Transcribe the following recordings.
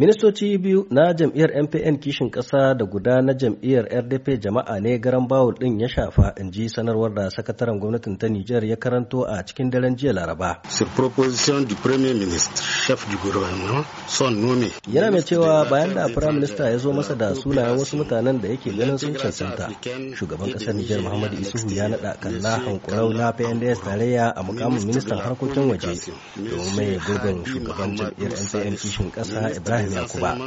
ministoci biyu na jam'iyyar mpn kishin kasa da guda na jam'iyyar rdp jama'a ne garan bawul ɗin ya shafa in ji sanarwar da sakataren gwamnatin ta nijar ya karanto a cikin daren jiya laraba proposition yana mai cewa bayan da prime minister ya zo masa da sunayen wasu mutanen da yake ganin sun cancanta shugaban ƙasar nijar muhammadu isuhu ya naɗa kalla hankurau na pnds tarayya a mukamin ministan harkokin waje domin mai gurbin shugaban jam'iyyar mpn kishin ƙasa ibrahim ku ba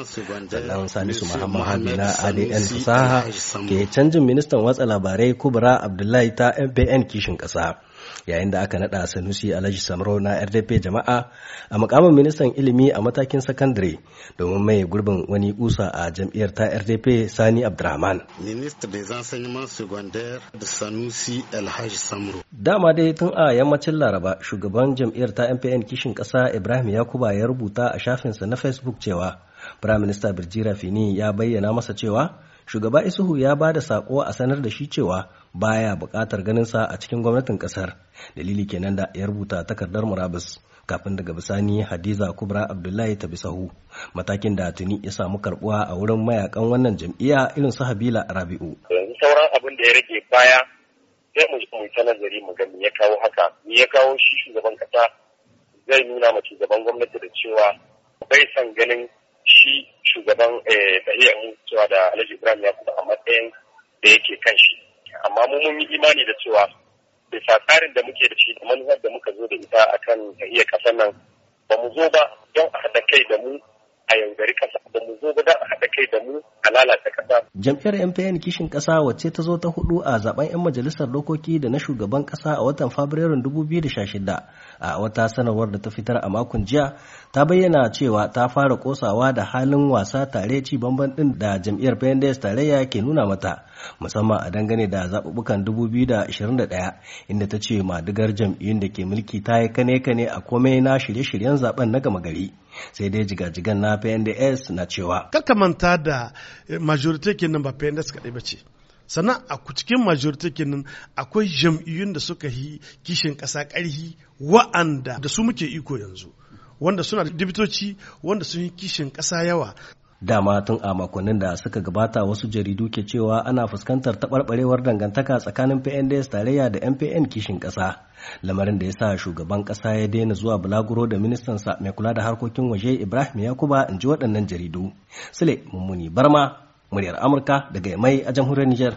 sannan Salisu Muhammadu na ADN fasaha ke canjin ministan watsa labarai Kubra Abdullahi ta MPN kishin ƙasa. yayin da aka naɗa sanusi alhaji samro na rdp jama'a a makamin ministan ilimi a matakin sakandare domin mai gurbin wani kusa a jam'iyyar ta rdp sani abdurrahman zan sanyi masu gwandar da sanusi alhaji samro dama dai tun a yammacin laraba shugaban jam'iyyar ta mpn kishin ƙasa ibrahim yakuba ya rubuta a shafinsa na facebook cewa Minista birjira fini ya bayyana masa cewa shugaba isuhu ya ba da sako a sanar da shi cewa baya buƙatar sa a cikin gwamnatin ƙasar dalili kenan da ya rubuta takardar murabus kafin daga bisani hadiza kubra abdullahi ta bisahu matakin da tuni ya samu karbuwa a wurin mayakan wannan jam'iyya irin su habila rabi'u yanzu sauran abin da ya rage baya sai mu mu ta nazari mu ga ya kawo haka me ya kawo shi shugaban kasa zai nuna ma shugaban gwamnati da cewa bai san ganin gaban ɗariyar eh, cewa da Alhaji Ibrahim ya kuma a matsayin da yake kan shi amma mu mun yi imani da cewa bisa tsarin da muke da shi da manufar da muka zo da ita akan ɗariyar kasar nan ba mu zo ba don a haɗa kai da mu a yaudari kasa ba mu zo ba don a kai da mu a lalata kasa. Jam'iyyar MPN kishin ƙasa wacce ta zo ta hudu a zaben 'yan majalisar dokoki da na shugaban ƙasa a watan Fabrairun 2016 a wata sanarwar da ta fitar a makon jiya ta bayyana cewa ta fara kosawa da halin wasa tare ci bamban din da jam'iyyar PNDS tarayya ke nuna mata musamman a dangane da zaɓuɓɓukan 2021 inda ta ce madigar jam'iyyun da ke mulki ta yi kane-kane a komai na shirye-shiryen zaben na gama gari sai dai jigajigan na PNDS na cewa. Kakamanta manta da majority kenan ba PNDS kaɗai ba ce sannan a cikin majority kenan akwai jam'iyyun da suka yi kishin ƙasa ƙarhi wa'anda da su muke iko yanzu wanda suna da dibitoci wanda sun yi kishin ƙasa yawa dama tun a makonnin da suka gabata wasu jaridu ke cewa ana fuskantar taɓarɓarewar dangantaka tsakanin pnds tarayya da mpn kishin ƙasa lamarin da ya sa shugaban ƙasa ya daina zuwa bulaguro da ministansa mai kula da harkokin waje ibrahim yakuba in ji waɗannan jaridu sule mummuni barma muryar amurka daga mai a jamhuriyar niger